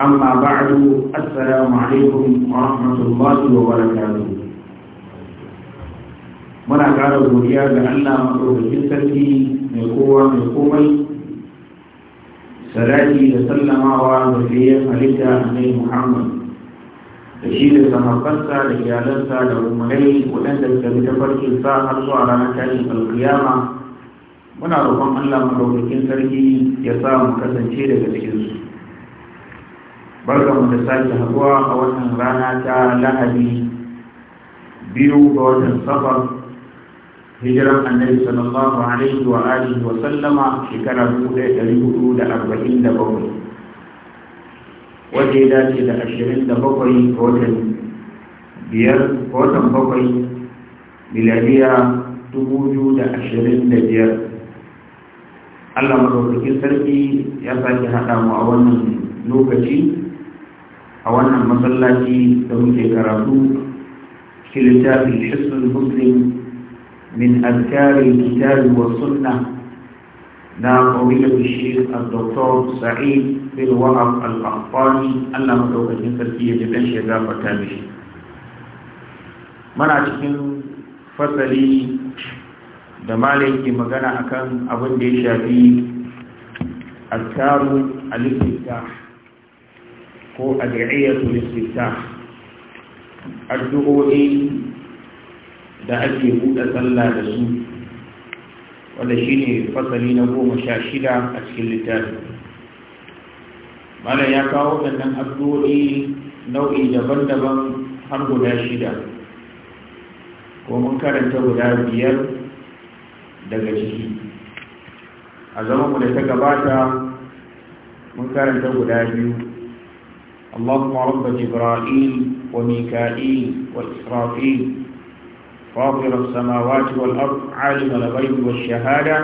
أما بعد السلام عليكم ورحمة الله وبركاته muna ƙara godiya ga Allah maɗaukakin sarki mai kowa mai komai sarari da sallamawa ga fiye halitta mai Muhammad da shi da samakarsa da iyalansa da rumunai waɗanda suka bi ta farkin sa har zuwa ranar tashin alkiyama muna roƙon Allah maɗaukakin sarki ya sa mu kasance daga cikinsu barka da sake haduwa a wannan rana ta lahadi biyu ga watan safar hijiran annabi sallallahu alaihi wa alihi wa sallama shekara 1447 wanda ya dace da 27 ga watan biyar ga watan bakwai miliyariya 2025 Allah madaukakin sarki ya sake haɗa mu a wannan lokaci a wannan masallaci da muke karatu cikin littafin shisun muslim min azkari kitabi wa sunna na fadilar shi al-doktor sa'id bin wahab al-qahtani Allah madaukakin sarki ya ji dan shi mishi muna cikin fasali da malai ke magana akan abin da ya shafi azkaru al-istiftah ko addu'iyatu listiftah addu'o'i da ake buɗe sallah da su wanda shine fasali na goma sha shida a cikin littafi malam ya kawo wannan addu'o'i nau'i daban-daban har guda shida ko mun karanta guda biyar daga ciki a mu da ta gabata mun karanta guda biyu اللهم رب جبرائيل وميكائيل وإسرافيل فاطر السماوات والأرض عالم الغيب والشهادة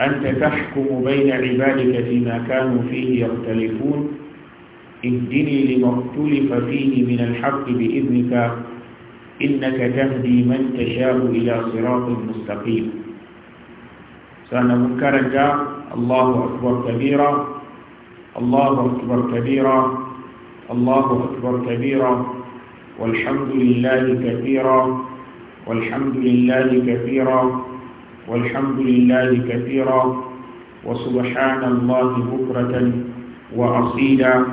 أنت تحكم بين عبادك فيما كانوا فيه يختلفون اهدني لما اختلف فيه من الحق بإذنك إنك تهدي من تشاء إلى صراط مستقيم سنة منكرك الله أكبر كبيرا الله أكبر كبيرا الله أكبر كبيرا والحمد لله كثيرا والحمد لله كثيرا والحمد لله كثيرا وسبحان الله بكرة وأصيلا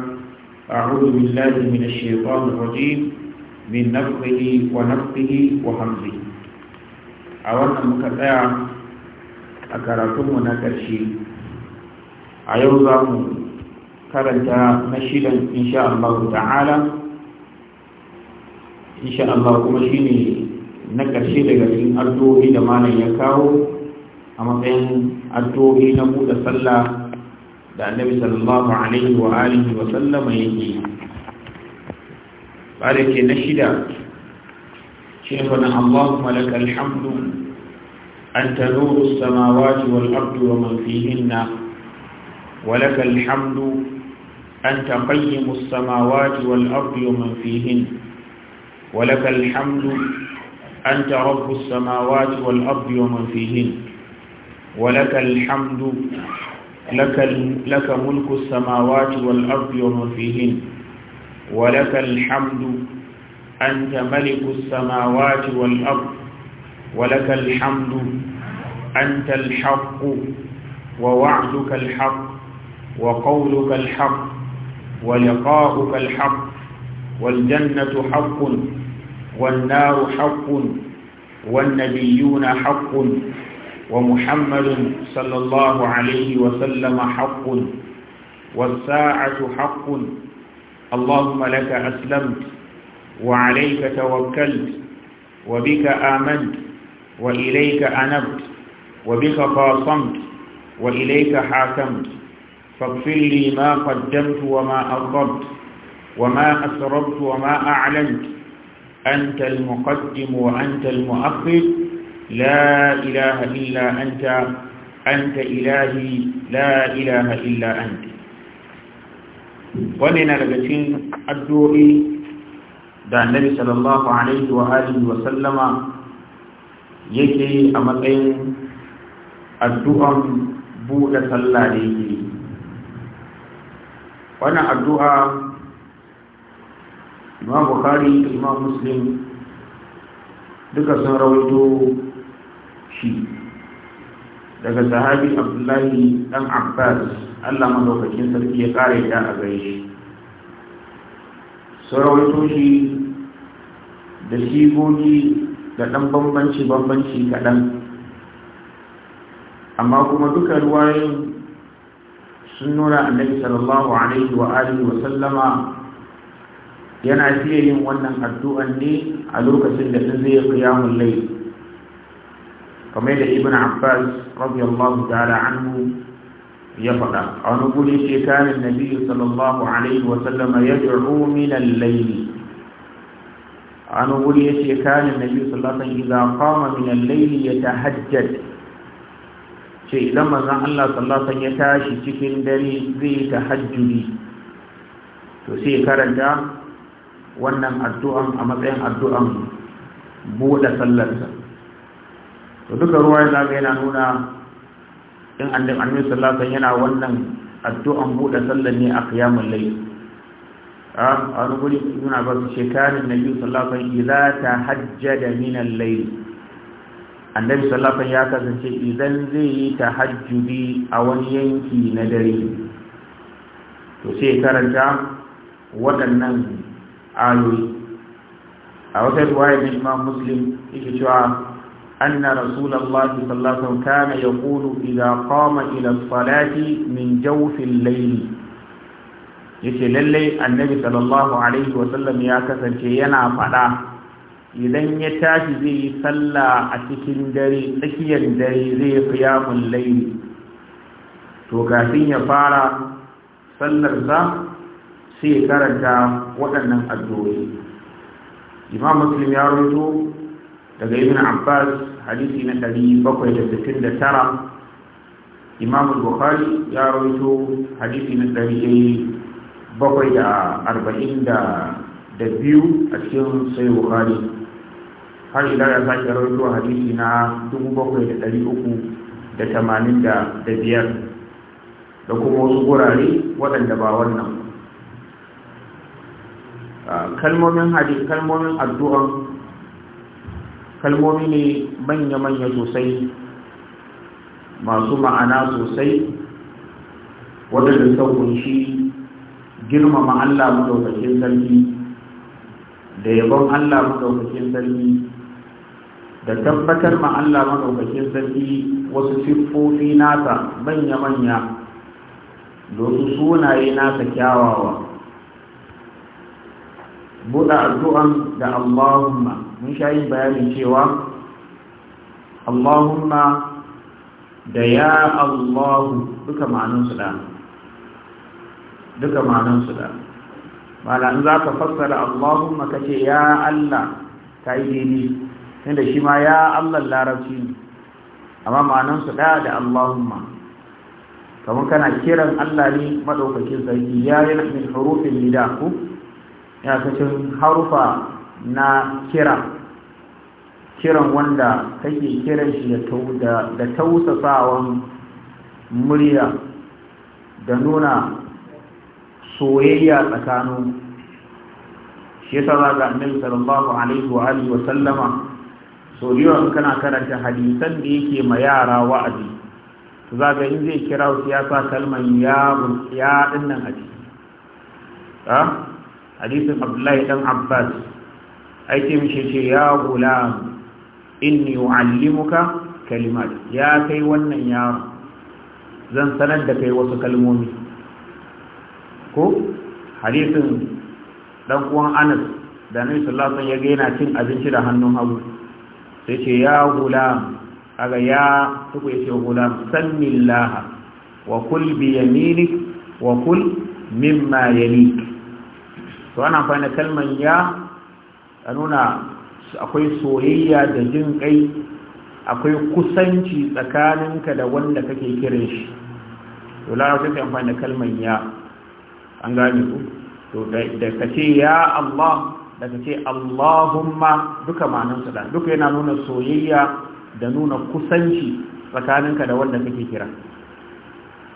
أعوذ بالله من الشيطان الرجيم من نفخه ونفخه وهمزه أولا مكتاع أكرتمنا كرشي أيوزا karanta na shidan insha Allah ta'ala insha Allah kuma shine na ƙarshe daga cikin addu'o'i da malam ya kawo a matsayin addu'o'i na buɗe sallah da annabi sallallahu alaihi wa alihi wa sallama yake bare ke na shida shine fa Allahumma lakal hamdu أنت نور السماوات والأرض ومن فيهن ولك الحمد أنت قيم السماوات والأرض ومن فيهن ولك الحمد أنت رب السماوات والأرض ومن فيهن ولك الحمد لك, لك ملك السماوات والأرض ومن فيهن ولك الحمد أنت ملك السماوات والأرض ولك الحمد أنت الحق ووعدك الحق وقولك الحق ولقاؤك الحق والجنة حق والنار حق والنبيون حق ومحمد صلى الله عليه وسلم حق والساعة حق اللهم لك أسلمت وعليك توكلت وبك آمنت وإليك أنبت وبك خاصمت وإليك حاكمت فاغفر لي ما قدمت وما أرضبت وما أسربت وما أعلنت أنت المقدم وأنت المؤخر لا إله إلا أنت أنت إلهي لا إله إلا أنت ولنا لبتين الدوري da annabi sallallahu alaihi wa alihi wa sallama yake a matsayin addu'an buɗe sallah da yake wannan addu'a imam bukari da imam muslim duka sun rawaito shi daga sahabi abdullahi dan abbas allah madaukakin sarki ya kare ta a gai. shi sun rawaito shi da sigogi da ɗan bambanci-bambanci kaɗan amma kuma duka ruwayin sun nuna annabi sallallahu alaihi wa alihi wa sallama yana fiye yin wannan addu'an ne a lokacin da sun zai qiyamul layl kamar da ibn abbas radiyallahu ta'ala anhu ya faɗa a wani guri ce kanin nabi sallallahu alaihi wa sallama ya da'u min al-layl a wani guri ya ce kanin nabi sallallahu alaihi wa sallama idza qama min al-layl yatahajjad ce idan manzon Allah sallallahu ya tashi cikin dare zai ta tahajjudi to sai karanta wannan addu'an a matsayin addu'an buɗe sallarsa to duka ruwa ya zaga yana nuna in annabi annabi sallallahu alaihi yana wannan addu'an buɗe sallar ne a qiyamul layl a wani guri suna ba su shekarun nabi sallallahu alaihi ta hajja da al-layl annabi sallallahu ya kasance idan zai yi tahajjudi a wani yanki na dare to sai karanta waɗannan ayoyi a wata riwaya da Imam Muslim yake cewa anna rasulullahi sallallahu alaihi wasallam kana yaqulu idza qama ila salati min jawfil layl yace lalle annabi sallallahu alaihi wasallam ya kasance yana faɗa idan ya tashi zai yi salla a cikin dare tsakiyar dare zai fiyamun laili to kafin ya fara sallarsa sai karanta waɗannan addu'o'i imam muslim ya rubuto daga ibn abbas hadisi na 769 imam bukhari ya rubuto hadisi na 742 a cikin sai bukhari har ila ya sake rawaito hadisi na 7385 da kuma wasu gurare waɗanda ba wannan kalmomin hadis kalmomin addu'an kalmomi ne manya-manya sosai masu ma'ana sosai waɗanda suka kunshi girmama Allah madaukakin sarki da yabon Allah mu madaukakin sarki da tabbatar ma Allah madaukakin sarki wasu siffofi nasa manya-manya domin sunaye nasa kyawawa buɗa addu'an da Allahumma mun sha yin bayanin cewa Allahumma da ya Allahu duka ma'anansu da duka ma'anansu da malan za ka fassara Allahumma kace ya Allah ka yi daidai inda shi ma ya Allah larabci ne amma ma'anansu ɗaya da Allahumma kamar kana kiran Allah ne maɗaukakin sarki ya yi min harufin lida ku ya kacin harufa na kira kiran wanda kake kiran shi da tausasawan murya da nuna soyayya tsakanin shi ta za ga sallallahu alaihi wa sallama so in kana karanta hadisan da yake ma yara wa'azi to ga in zai kira su ya sa kalman ya ya dinnan a ciki ha hadisin abdullahi dan abbas aike mishi ce ya gula inni uallimuka kalimat ya kai wannan yaro zan sanar da kai wasu kalmomi ko hadisin dan uwan anas da nabi sallallahu ya ga yana cin abinci da hannun hagu sai ce ya gulam aga ya tuku ya ce gulam laha wa kul bi yaminik wa kul mimma yalik to ana amfani da kalman ya a nuna akwai soyayya da jin kai akwai kusanci tsakaninka da wanda kake kiran shi to larabci sai amfani da kalman ya an gane ku to da ka ce ya Allah daga ce Allahumma duka manansu da duka yana nuna soyayya da nuna kusanci tsakaninka da wanda kake kira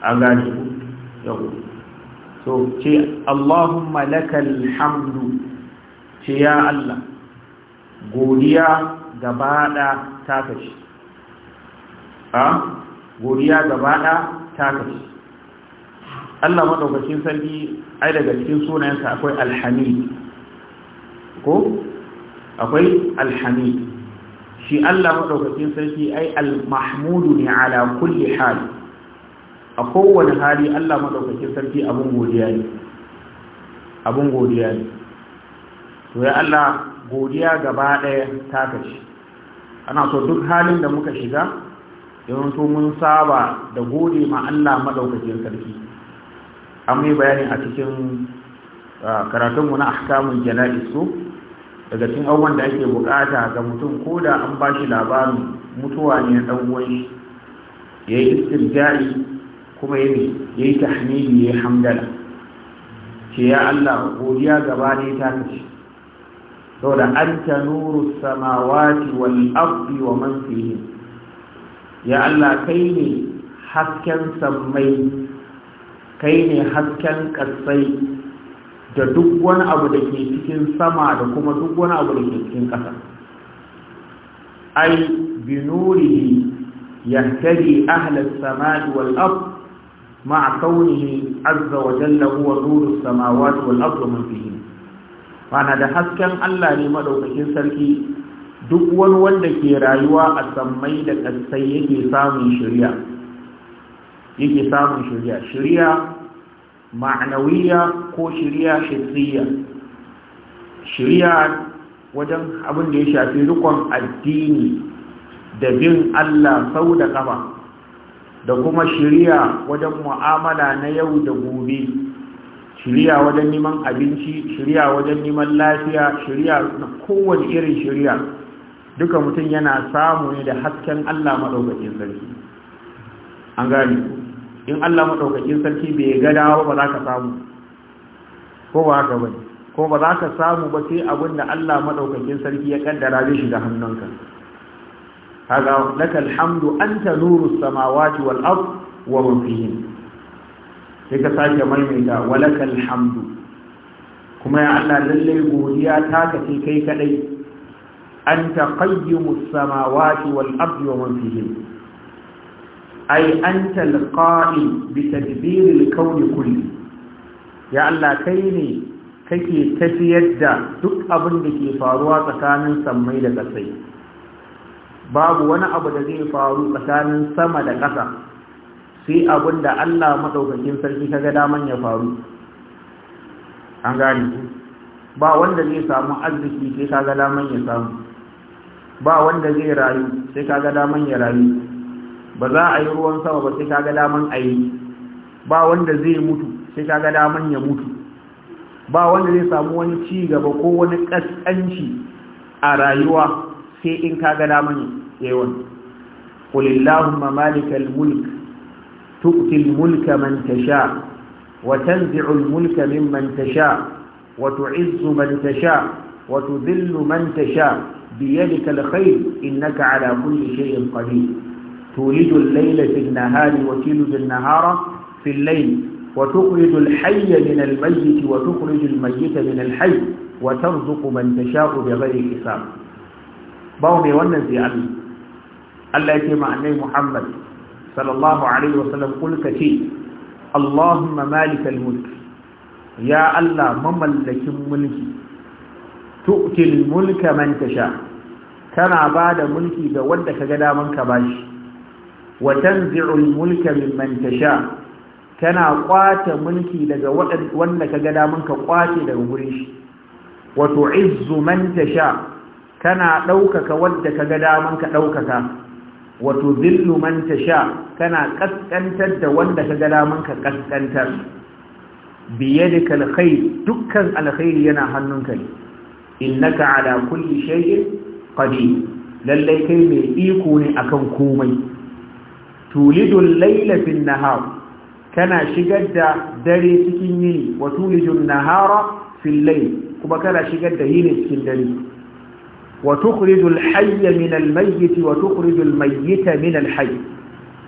a gani yau so ce Allahumma lakal hamdu ce ya Allah godiya gabaɗa ta kashi a godiya gabaɗa ta kashi Allah maɗaukacin sarki ai daga cikin sunayensa akwai alhamid ko akwai alhamid shi Allah maɗaukakin sarki ai almahmudu ne ala kulli hal a kowane hali Allah madaukakin sarki abun godiya ne abun godiya ne to ya Allah godiya gaba ɗaya ta kace ana so duk halin da muka shiga yawan to mun saba da gode ma Allah maɗaukakin sarki an bayani a cikin ah, karatunmu na ahkamun jana'isu daga cikin abubuwan da ake bukata ga mutum ko da an ba shi labarin mutuwa ne na ɗan shi ya yi istirjari kuma ya yi tahmidi ya yi hamdala ce ya Allah godiya gaba ne ta kace saboda ta nuru samawati wal ardi wa man fihi ya Allah kai ne hasken sammai kai ne hasken kasai da duk wani abu da ke cikin sama da kuma duk wani abu da ke cikin ƙasa ai ya yahtadi ahlas samai wal ard مع كونه عز وجل هو نور السماوات والأرض ومن فيهن ma'ana da hasken Allah ne madaukakin sarki duk wani wanda ke rayuwa a sammai da ƙasai yake samun shirya yake samun shirya shirya ma'anawiya ko shirya shirya shirya wajen abin da ya shafi rikon addini da bin Allah sau da kama da kuma shirya wajen mu'amala na yau da gobe shirya wajen neman abinci shirya wajen neman lafiya shirya na kowane irin shirya duka mutum yana samu ne da hasken Allah maɗaukakin sarki an gani in Allah maɗaukakin sarki bai ga dawo ba za ka samu ko ba haka bane ko ba za ka samu ba sai abin da Allah maɗaukakin sarki ya kaddara zai shiga hannunka kaga lakal hamdu anta nurus samawati wal ard wa man fihin sai ka sake maimaita walakal hamdu kuma ya Allah lalle godiya ta ka kai kadai anta qayyimus samawati wal ardi wa man fihin ai anta alqa'i bi tadbir alkawn kulli ya Allah kai ne kake tafiyar da duk abin da ke faruwa tsakanin sammai da ƙasai babu wani abu da zai faru tsakanin sama da ƙasa sai abin da Allah madaukakin sarki kaga daman ya faru an gane ba wanda zai samu arziki sai kaga daman ya samu ba wanda zai rayu sai kaga daman ya rayu ba za a yi ruwan sama ba sai kaga daman a yi ba wanda zai mutu sai kaga daman ya mutu ba wanda zai samu wani ci gaba ko wani ƙasƙanci a rayuwa sai in kaga daman ya yi wani ƙulillahumma malikal mulk tu'til mulka man tasha wa tanzi'ul mulka mimman tasha wa tu'izzu man tasha wa tudhillu man tasha biyadika alkhayr innaka ala kulli shay'in qadir تولج الليل في النهار وتلج النهار في الليل وتخرج الحي من الميت وتخرج الميت من الحي وترزق من تشاء بغير حساب باومي wannan sai Allah Allah yake ma annabi Muhammad sallallahu alaihi wasallam kul kace Allahumma malikal mulk ya Allah mamallakin mulki tu'til mulka man tasha kana bada mulki ga wanda kaga daman ka bashi wa tanzi'ul mulka mimman tasha kana kwace mulki daga wanda ga daman ka kwace daga gurin shi wa tu'izzu man tasha kana daukaka wanda ga daman ka daukaka wa tudhillu man tasha kana kaskantar da wanda ga daman ka kaskantar biyadika alkhair dukkan alkhair yana hannunka ne innaka ala kulli shay'in qadir lallai kai mai iko ne akan komai Tulidun Laila fil nahar kana shigar da dare cikin yini wa tulidun nahara fil layl kuma kana shigar da yini cikin dare wa tukhrijul hayya min al mayyit wa tukhrijul mayyita min al hayy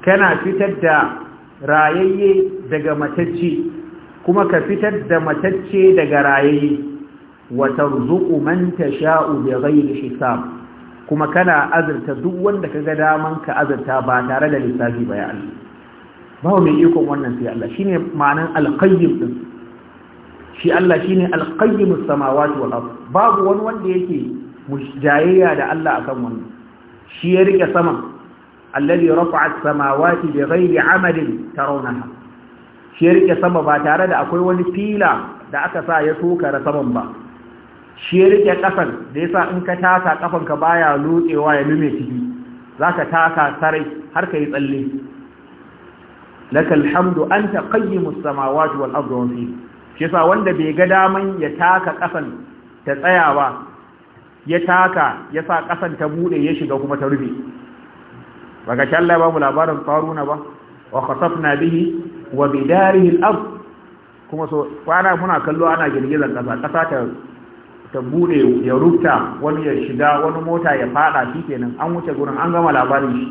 kana fitar da rayayye daga matacce kuma ka fitar da matacce daga rayayye wa tarzuqu man tasha'u bighayri hisab kuma kana azurta duk wanda ka ga daman ka azurta ba tare da lissafi ba ya Allah ba mai ikon wannan sai Allah shine ma'anan alqayyim din shi Allah shine alqayyim as-samawati wal ard babu wani wanda yake mujayayya da Allah akan wannan shi ya rike sama alladhi rafa'a as-samawati bighayri 'amalin tarawnaha shi ya rike sama ba tare da akwai wani fila da aka sa ya tukara saman ba shi ya rike kasan da yasa in ka taka kafanka baya lotsewa ya lume ciki zaka taka sarai har ka yi tsalle lakal hamdu anta qayyimus samawati wal ardi fi shi yasa wanda bai ga daman ya taka kasan ta tsaya ba ya taka ya sa kasan ta bude ya shiga kuma ta rufe baka shalla ba mu labarin faruna ba wa khasafna bihi wa bidarihi al-ard kuma so kwana muna kallo ana girgizar kasa kasa ta ta bude ya rufta wani ya shiga wani mota ya fada shi kenan an wuce gurin an gama labarin shi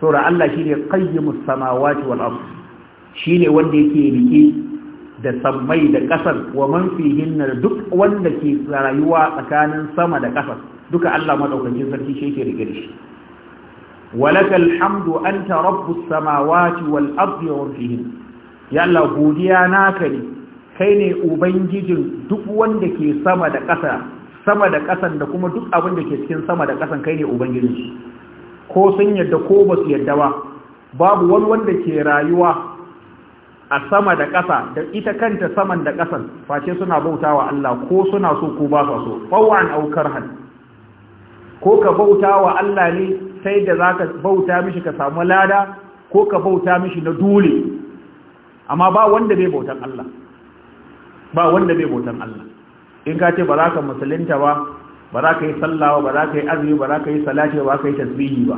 saura Allah shi ne qayyimus samawati wal ard shi ne wanda yake rike da sammai da ƙasar wa man fihinna duk wanda ke rayuwa tsakanin sama da ƙasar. duka Allah madaukakin sarki shi yake rike da shi walakal hamdu anta rabbus samawati wal ardi wa fihinna ya Allah godiya naka ne kai ne ubangijin duk wanda ke sama da ƙasa sama da ƙasan da kuma duk abin da ke cikin sama da ƙasan kai ne ubangijin ko sun yadda ko ba su yadda ba babu wani wanda ke rayuwa a sama da ƙasa da ita kanta saman da ƙasan face suna bautawa Allah ko suna so ko ba su so fawwan aukar han ko ka bautawa Allah ne sai da zaka bauta mishi ka samu lada ko ka bauta mishi na dole amma ba wanda bai bautan Allah ba wanda bai bautan Allah in ka ce ba za ka musulunta ba ba za ka yi sallawa, ba za ka yi azumi ba za ka yi salati ba za ka yi tasbihi ba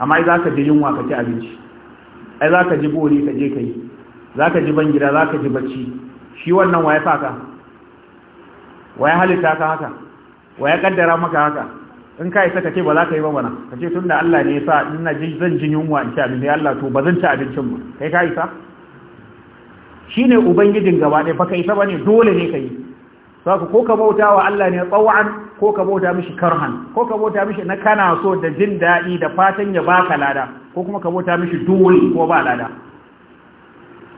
amma ai za ka ji yunwa ka ci abinci ai za ka ji bori ka je ka yi za ka ji ban gida za ka ji bacci shi wannan waye sa ka waye halitta ka haka waye kaddara maka haka in ka isa ka ce ba za ka yi ba bana ka ce tunda Allah ne ya sa ina zan ji yunwa in ci abinci Allah to ba zan ci abincin ba kai ka isa Shi ne ubangijin gaba ɗaya baka isa bane dole ne ka yi. saka ko ka bauta wa Allah ne tsawan ko ka bauta mishi karhan ko ka bauta mishi na kana so da jin daɗi da fatan ya baka lada ko kuma ka bauta mishi dole ko ba lada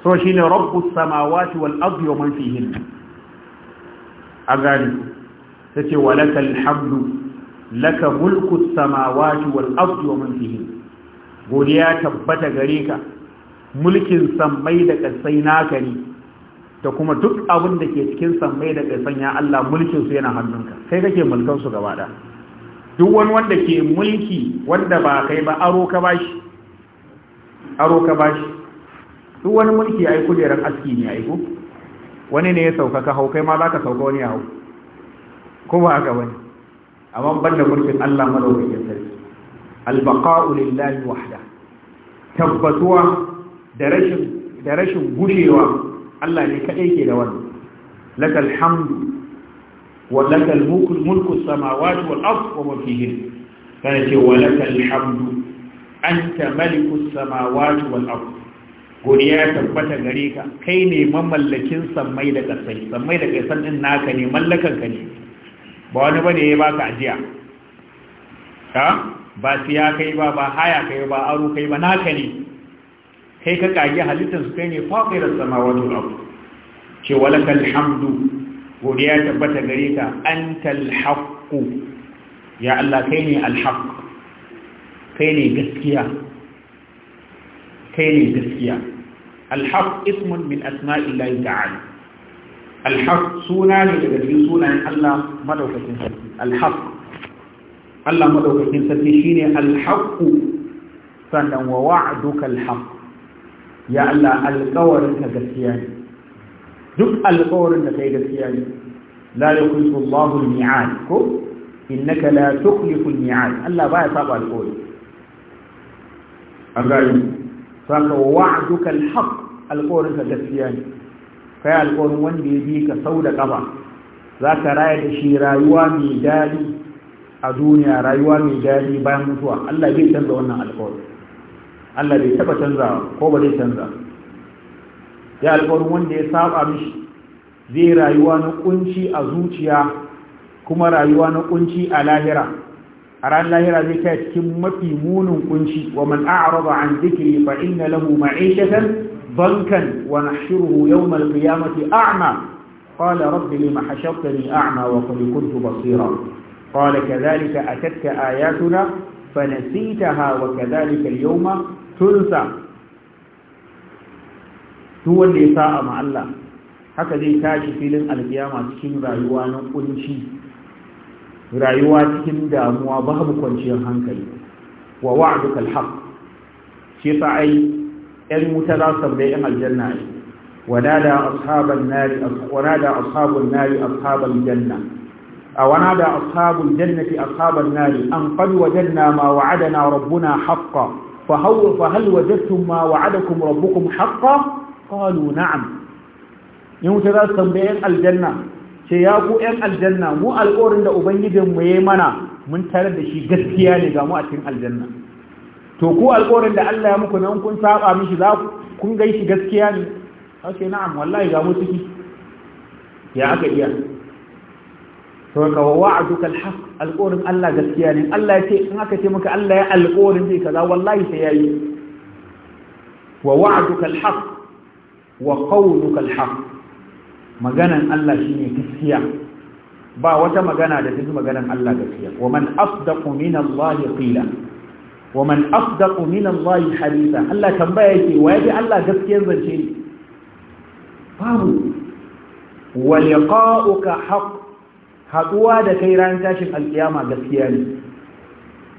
so shine rabbus samawati wal ardi wa man fihin a gani walakal hamdu laka mulku samawati wal ardi wa man fihin godiya tabbata gare ka mulkin sammai da ƙasai naka ne da kuma duk abin da ke cikin sammai da ƙasai ya Allah mulkin su yana hannunka kai kake mulkan su gaba da duk wani wanda ke mulki wanda ba kai ba aro ka bashi aro ka bashi duk wani mulki ya yi kujeran aski ne aiko. wani ne ya sauka ka hau kai ma zaka sauka wani ya hau ko ba haka wani amma banda mulkin Allah madaukakin sarki al-baqa'u lillahi wahda tabbatuwa da rashin gushewa Allah ne kadai ke da wannan lakal hamdu wa lakal mulku mulku samawati wal ardh wa ma kana ce wa lakal hamdu anta maliku samawati wal ardh ya tabbata gare ka kai ne mamallakin sammai da kasai sammai da kasan din naka ne mallakan ka ne ba wani bane ya baka ajiya ba siya kai ba ba haya kai ba aro kai ba naka ne kai ka kage halittar su kai ne fadirar samawati wal ardh ce walakal hamdu godiya tabbata gare ka antal haqq ya Allah kai ne al haqq kai ne gaskiya kai ne gaskiya al haqq ismun min asma'i asma'illahi ta'ala al haqq suna ne daga cikin sunayen Allah madaukakin sarki al haqq Allah madaukakin sarki shine al haqq sannan wa wa'duka al ya Allah alƙawarin ka gaskiya ne duk alƙawarin da kai gaskiya ne la yukhlifu Allahu al-mi'ad ko innaka la tukhlifu al-mi'ad Allah baya saba alƙawari an gani saka wa'duka al-haq alƙawarin ka gaskiya ne kai alƙawarin wanda ya bi ka sau da ƙafa za ka raya da shi rayuwa mai daɗi a duniya rayuwa mai daɗi bayan mutuwa Allah bai canza wannan alƙawarin Allah bai taba canzawa ko ba zai canza ya alƙawarin wanda ya saba mishi zai rayuwa na kunci a zuciya kuma rayuwa na kunci a lahira a ran lahira zai kai cikin mafi munin kunci wa man a'rada an dhikri fa inna lahu ma'ishatan bankan wa nahshuruhu yawm al-qiyamati a'ma قال رب لم حشرتني أعمى وقد كنت بصيرا قال كذلك أتتك آياتنا fanasitaha wa kadhalika al-yawma tunsa duk wanda ya sa'a ma Allah haka zai tashi filin alkiyama cikin rayuwa na kunci rayuwa cikin damuwa babu kwanciyar hankali wa wa'duka al-haq shi fa ai yan wuta za su tambaye yan aljanna ai ونادى أصحاب النار ونادى أصحاب النار أصحاب ونادى أصحاب الجنة أصحاب النار أن قد وجدنا ما وعدنا ربنا حقا فهل وجدتم ما وعدكم ربكم حقا قالوا نعم يوم تذكر بين الجنة ce ya ku ‘yan aljanna mu alƙorin da Ubangijinmu ya yi mana mun tare da shi gaskiya ne ga mu a cikin aljanna. To, ku alƙorin da Allah ya muku nan kun saba mishi za kun gaskiya ne, na'am wallahi ga mu ya aka iya. saboda wa wa'aduka alhaq alqawlin Allah gaskiya ne Allah ya ce in aka ce maka Allah ya alqawlin zai kaza wallahi sai yayi wa wa'aduka alhaq wa qawluka alhaq maganan Allah shine gaskiya ba wata magana da take maganan Allah gaskiya wa man asdaqu min Allah qila wa man asdaqu min Allah haditha Allah tambaya yake wa yafi Allah gaskiyar zance babu wa liqa'uka haqq haɗuwa da kai ran tashin alkiyama gaskiya ne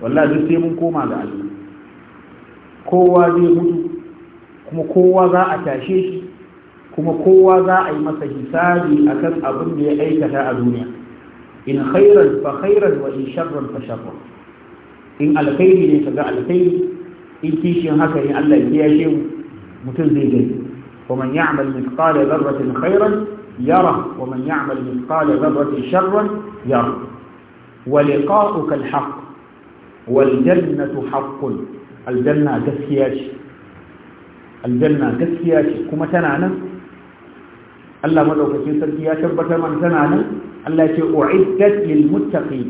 wallahi duk sai mun koma ga Allah kowa zai mutu kuma kowa za a tashe shi kuma kowa za a yi masa hisabi akan abin da ya aikata a duniya in khairan fa khairan wa in sharran fa sharran in alkhairi ne ka ga alkhairi in kishin haka ne Allah ya kiyashe mu mutum zai gani wa man ya'mal mithqala dharratin khairan يرى ومن يعمل مثقال ذرة شرا يرى ولقاؤك الحق والجنة حق الجنة تسياش الجنة تسياش كما تنانا الله مدوك سيسرك يا شبك من تنانا الله أعدت للمتقين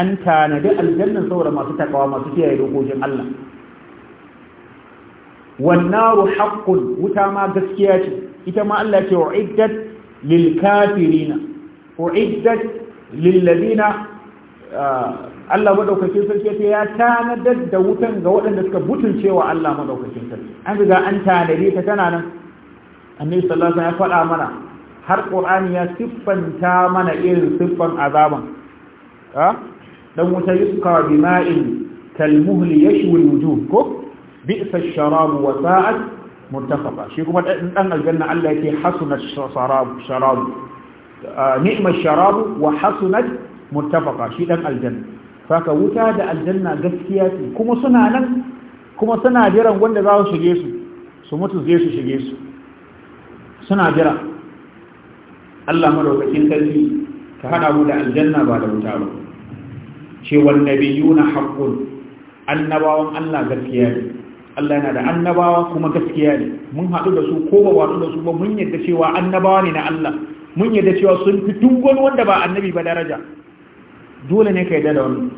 أن كان الجنة صورة ما تتقوى ما تتيا يلوكوش الله والنار حق وتما تسياش إتما الله أعدت lilkafirina uiddat lilladina Allah madaukakin sarki ya tanadar da wutan ga waɗanda suka butulcewa Allah madaukakin sarki an riga an tanadi ta tana nan annabi sallallahu alaihi wasallam ya faɗa mana har qur'ani ya siffanta mana irin siffan azaban ha dan wuta yusqa bima'in kalmuhli yashwi alwujuh ko bi'sa ash-sharabu wa sa'at murtafaqa shi kuma dan aljanna Allah yake hasunat sharabu sharabu ni'mat sharabu wa hasunat mutafaka shi dan aljanna saka wuta da aljanna gaskiya ce kuma suna nan kuma suna jiran wanda za su shige su su mutu zai su shige su suna jira Allah madaukakin sarki ka hada mu da aljanna ba da wuta ba ce wal nabiyuna haqqun annabawan Allah gaskiya ne Allah yana da annabawa kuma gaskiya ne mun haɗu da su ko ba wato da su ba mun yadda cewa annabawa ne na Allah mun yadda cewa sun fi duk wani wanda ba annabi ba daraja dole ne ka yadda da wani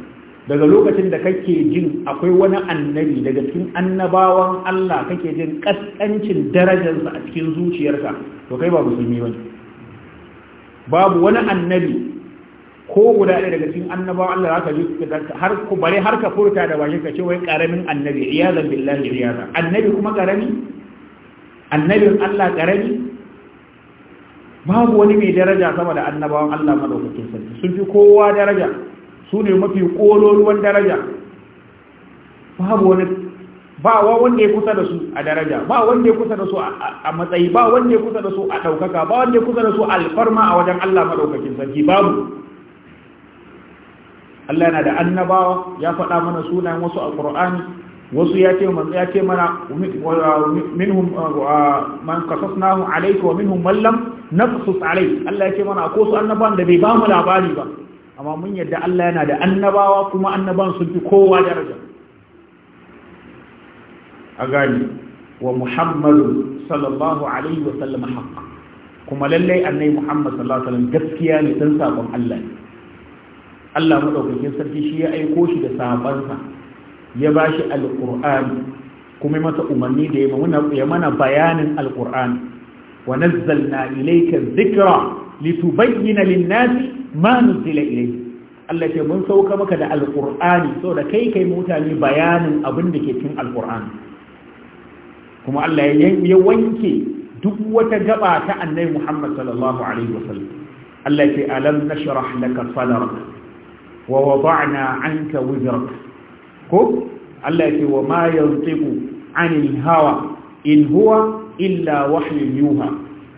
daga lokacin da kake jin akwai wani annabi daga cikin annabawan Allah kake jin kaskancin darajarsa a cikin zuciyarka to kai ba musulmi bane babu wani annabi ko guda ɗaya daga cikin annabawa Allah zaka ji har ku bare har ka furta da bakin ka ce wai karamin annabi iyazan billahi iyaza annabi kuma karami annabin Allah karami babu wani mai daraja sama da annabawan Allah madaukakin sarki sun fi kowa daraja su ne mafi kololuwan daraja babu wani ba wa wanda ya kusa da su a daraja ba wanda ya kusa da su a matsayi ba wanda ya kusa da su a ɗaukaka ba wanda ya kusa da su alfarma a wajen Allah madaukakin sarki babu Allah yana da annabawa ya faɗa mana sunayen wasu a Qur'ani wasu ya ce manzo ya ce mana minhum man qasasnahu alayka wa minhum man lam naqsus alayk Allah ya ce mana ko su annabawan da bai ba mu labari ba amma mun yadda Allah yana da annabawa kuma annaban sun fi kowa daraja a gani wa muhammadu sallallahu alaihi wa sallam haqq kuma lallai annai muhammad sallallahu alaihi wa sallam gaskiya ne dan sakon Allah ne Allah maɗaukakin sarki shi ya aiko shi da sabansa ya ba shi Alƙur'ani. kuma masa umarni da ya mana bayanin alqur'ani wa nazzalna ilayka dhikra litubayyana lin-nasi ma nuzila ilayhi Allah ce mun sauka maka da alqur'ani saboda kai kai mutane bayanin abin da ke cikin alqur'ani kuma Allah ya wanke duk wata gaba ta annabi Muhammad sallallahu alaihi wasallam Allah ce alam nashrah laka sadrak wa wada'na anka wizrak ko Allah yake wa ma yantiqu anil hawa in huwa illa wahyun yuha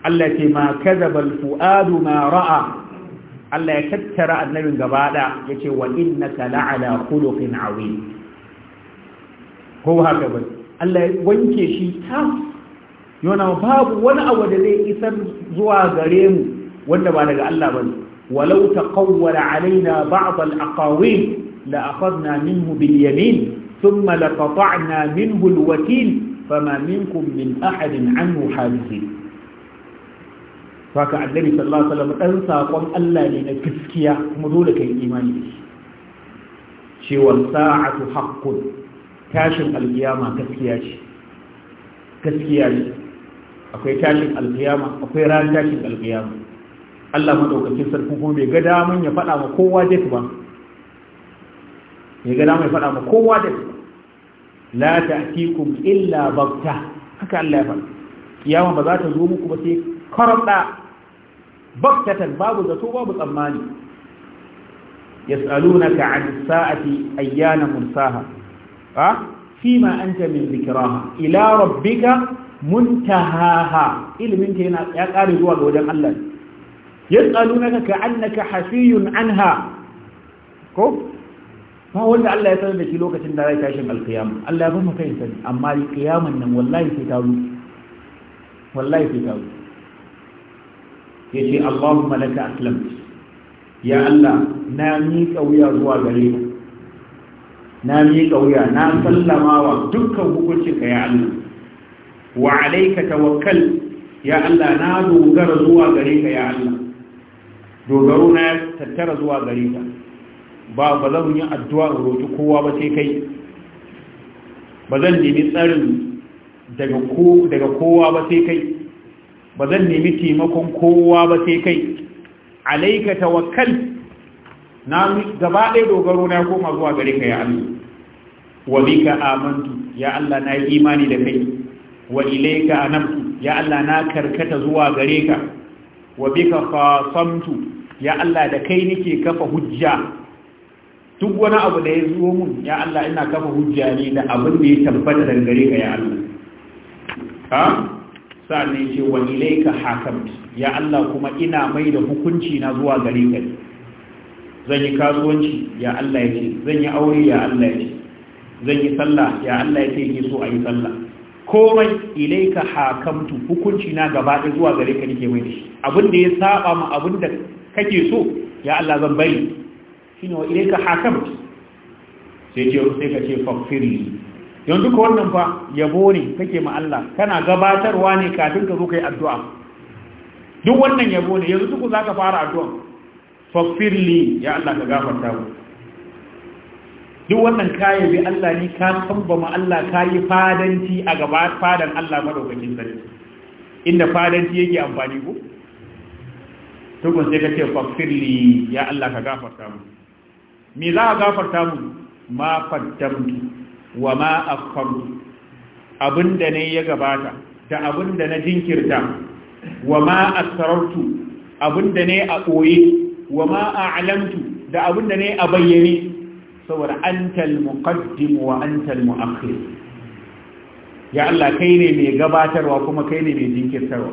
Allah yake ma kadhaba al fuadu ma ra'a Allah ya tattara annabin gabaɗa da yace wa innaka la'ala khuluqin azim ko haka bai Allah ya wanke shi ta yana babu wani abu da zai isar zuwa gare mu wanda ba daga Allah bane ولو تقول علينا بعض الأقاويل لأخذنا منه باليمين ثم لقطعنا منه الوكيل فما منكم من أحد عنه حاجزين فكأن النبي صلى الله عليه وسلم أنسى قم ألا لنا كسكيا مذولك الإيمان شوى الساعة حق كاشف القيامة كسكيا كسكيا gaskiya كاشف القيامة tashin ران akwai القيامة Allah madaukakin sarkin kuma bai ga damun ya faɗa ma kowa dai ba bai ga damun ya faɗa ma kowa dai la ta'tikum illa bagta haka Allah ya faɗa kiyama ba za ta zo muku ba sai karanta baktatan babu zato babu tsammani yas'alunaka 'an sa'ati ayyana mursaha ha fima anta min dhikraha ila rabbika muntahaha ilmin ta yana ya kare zuwa ga wajen Allah يسألونك كأنك حفي عنها كف ما هو اللي الله يسأل لك لوكة إن لا يتعشم القيامة الله يبهم إنسان أما القيامة إنه والله يتعوي والله في يتعوي يشي اللهم لك أسلم يا الله ناميك أو يا رواء غريب ناميك أو يا نام سلم ودك وقلتك يا الله وعليك توكل يا الله وقر غرزوا غريك يا الله dogaro na tattara zuwa gare ta ba ba zan yi addu'a a roki kowa ba sai kai ba zan nemi tsarin daga ko daga kowa ba sai kai ba zan nemi taimakon kowa ba sai kai alaika tawakkal na gaba ɗaya dogaro na koma zuwa gare ka ya Allah wa bika amantu ya Allah na yi imani da kai wa ilaika anabtu ya Allah na karkata zuwa gare ka wa bika khasamtu ya Allah da kai nake kafa hujja duk wani abu da ya zo mun ya Allah ina kafa hujja ne da abin da ya tabbata dangare ka ya Allah ha sannan ya ce wa ilaika hakamt ya Allah kuma ina mai da hukunci na zuwa gare ka zan yi kasuwanci ya Allah ya ce zan yi aure ya Allah ya ce zan yi sallah ya Allah ya ce ki so a yi sallah komai ilaika hakamtu hukunci na gaba ɗaya zuwa gare ka nake mai da shi abin da ya saba ma abin da kake so ya Allah zan bari ne wa ilayka hakamtu sai ce sai ka ce faghfirli yau duka wannan fa yabo ne kake ma Allah kana gabatarwa ne kafin ka zo yi addu'a duk wannan yabo ne yanzu duk ka fara addu'a faghfirli ya Allah ka gafarta mu duk wannan kayan bi Allah ne ka ma Allah ka yi fadanci a gaba fadan Allah maɗaukacin sarki inda fadanci yake amfani ko tukun sai ka ce fafirli ya Allah ka gafarta mu me za a gafarta mu ma faddamtu wa ma akharu abinda ne ya gabata da abinda na jinkirta wa ma asrartu abinda ne a koyi wa ma a'lamtu da abinda ne a bayyane saboda antal muqaddim wa antal muakhir ya Allah kai ne mai gabatarwa kuma kai ne mai jinkirtarwa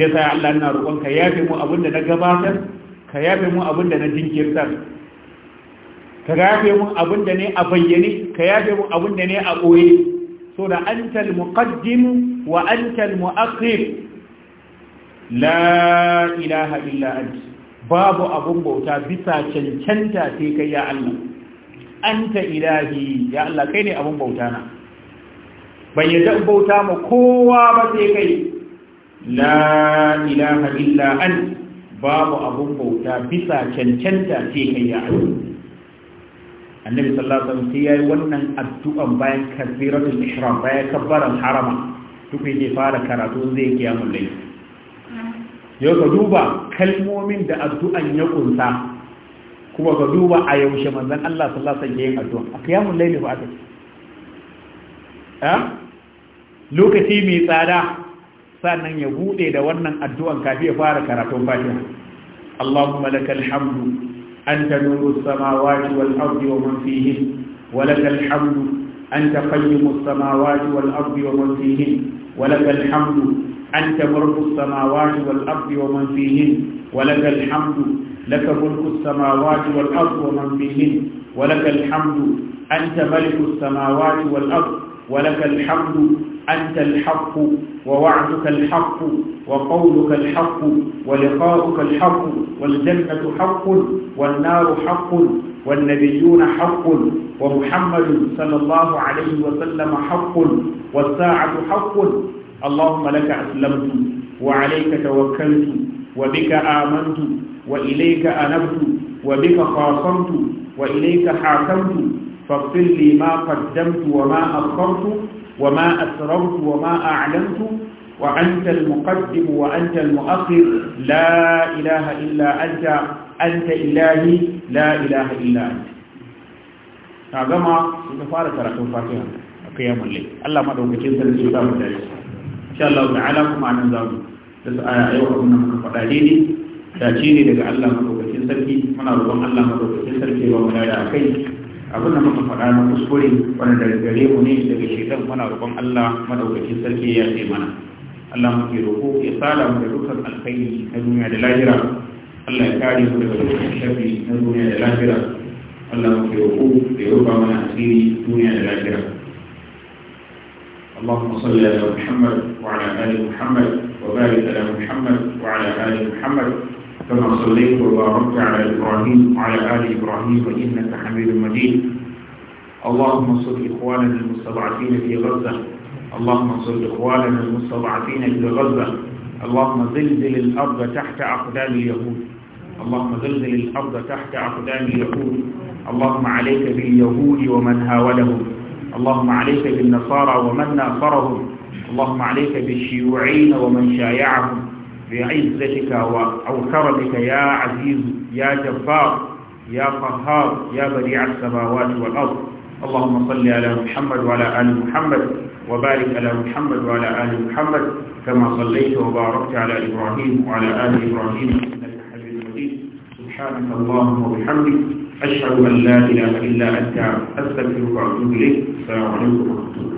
shi yasa Allah ina roƙon ka yafe mu abinda da na gabatar ka yafe mu abinda da na jinkirtar ka yafe mu abinda da ne a bayyane ka yafe mu abinda da ne a ɓoye so da antal muqaddim wa antal mu'akhir la ilaha illa anta babu abun bauta bisa cancanta sai kai ya Allah anta ilahi ya Allah kai ne abun bauta na ban yadda bauta ma kowa ba sai kai la ilaha illa an babu abun bauta bisa cancanta sai kai ya Allah annabi sallallahu alaihi wasallam sai yayi wannan addu'an bayan kabiratul ihram bayan kabbaran harama duk yake fara karatu zai kiyamul layl yau ka duba kalmomin da addu'an ya kunsa kuma ka duba a yaushe manzon Allah sallallahu alaihi wasallam ya addu'a a kiyamul layl ba aka eh lokaci mai tsada sannan ya bude da wannan addu'an kafi ya fara karatun fatiha Allahumma lakal hamdu anta nuru samawati wal ardi wa man fihin wa lakal hamdu anta qayyimu samawati wal ardi wa man fihin wa lakal hamdu anta mulku samawati wal ardi wa man fihin wa lakal hamdu لك ملك السماوات والأرض ومن فيهن ولك الحمد أنت ملك السماوات والأرض ولك الحمد أنت الحق ووعدك الحق وقولك الحق ولقاؤك الحق والجنة حق والنار حق والنبيون حق ومحمد صلى الله عليه وسلم حق والساعة حق اللهم لك أسلمت وعليك توكلت وبك آمنت وإليك أنبت وبك خاصمت وإليك حاكمت فاغفر لي ما قدمت وما أخرت وما أسررت وما أعلنت وأنت المقدم وأنت المؤخر لا إله إلا أنت أنت إلهي لا إله إلا أنت كما سنفارة رقم فاتحة قيام الليل الله ما دوك كيف تنسيبها مدارس إن شاء الله تعالى كما ننزل تسعى أيوة من المقفلين dace ne daga Allah madaukakin sarki muna roƙon Allah madaukakin sarki wa mu da kai abin da muka faɗa na kuskure wani daga gare mu ne daga shaitan mana roƙon Allah madaukakin sarki ya ce mana Allah muke roƙo ya sada mu da dukkan alkhairi na duniya da lahira Allah ya kare mu daga dukkan shafi na duniya da lahira Allah muke roƙo ya rufa mana asiri duniya da lahira اللهم صل على محمد وعلى آل محمد وبارك على محمد وعلى آل محمد كما صليت وباركت على إبراهيم وعلى آل إبراهيم إنك حميد مجيد اللهم صل إخواننا المستضعفين في غزة اللهم صل إخواننا المستضعفين في غزة اللهم زلزل الأرض تحت أقدام اليهود اللهم زلزل الأرض تحت أقدام اليهود اللهم عليك باليهود ومن هاولهم اللهم عليك بالنصارى ومن ناصرهم اللهم عليك بالشيوعين ومن شايعهم بعزتك أو كرمك يا عزيز يا جبار يا قهار يا بديع السماوات والأرض اللهم صل على محمد وعلى آل محمد وبارك على محمد وعلى آل محمد كما صليت وباركت على إبراهيم وعلى آل إبراهيم إنك حميد مجيد سبحانك اللهم وبحمدك أشهد أن لا إله إلا أنت أستغفرك وأتوب إليك السلام عليكم ورحمة الله